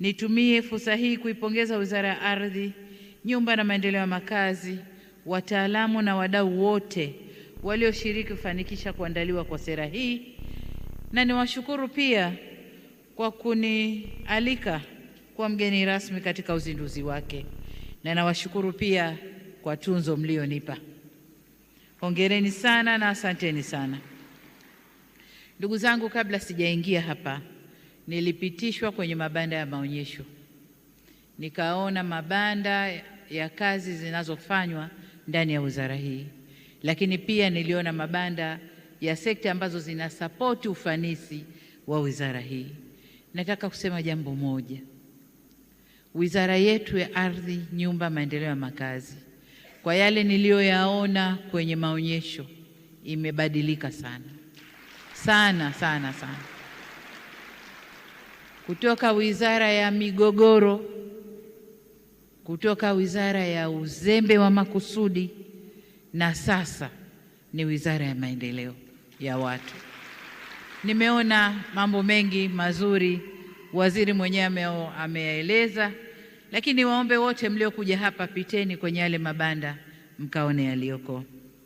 Nitumie fursa hii kuipongeza Wizara ya Ardhi, Nyumba na Maendeleo ya Makazi, wataalamu na wadau wote walioshiriki kufanikisha kuandaliwa kwa sera hii, na niwashukuru pia kwa kunialika kuwa mgeni rasmi katika uzinduzi wake, na nawashukuru pia kwa tunzo mlionipa. Hongereni sana na asanteni sana. Ndugu zangu, kabla sijaingia hapa nilipitishwa kwenye mabanda ya maonyesho, nikaona mabanda ya kazi zinazofanywa ndani ya wizara hii, lakini pia niliona mabanda ya sekta ambazo zinasapoti ufanisi wa wizara hii. Nataka kusema jambo moja, wizara yetu ya ardhi, nyumba, maendeleo ya makazi, kwa yale niliyoyaona kwenye maonyesho, imebadilika sana sana sana sana kutoka wizara ya migogoro, kutoka wizara ya uzembe wa makusudi, na sasa ni wizara ya maendeleo ya watu. Nimeona mambo mengi mazuri waziri mwenyewe ameyaeleza, lakini waombe wote mliokuja hapa, piteni kwenye yale mabanda mkaone yaliyoko.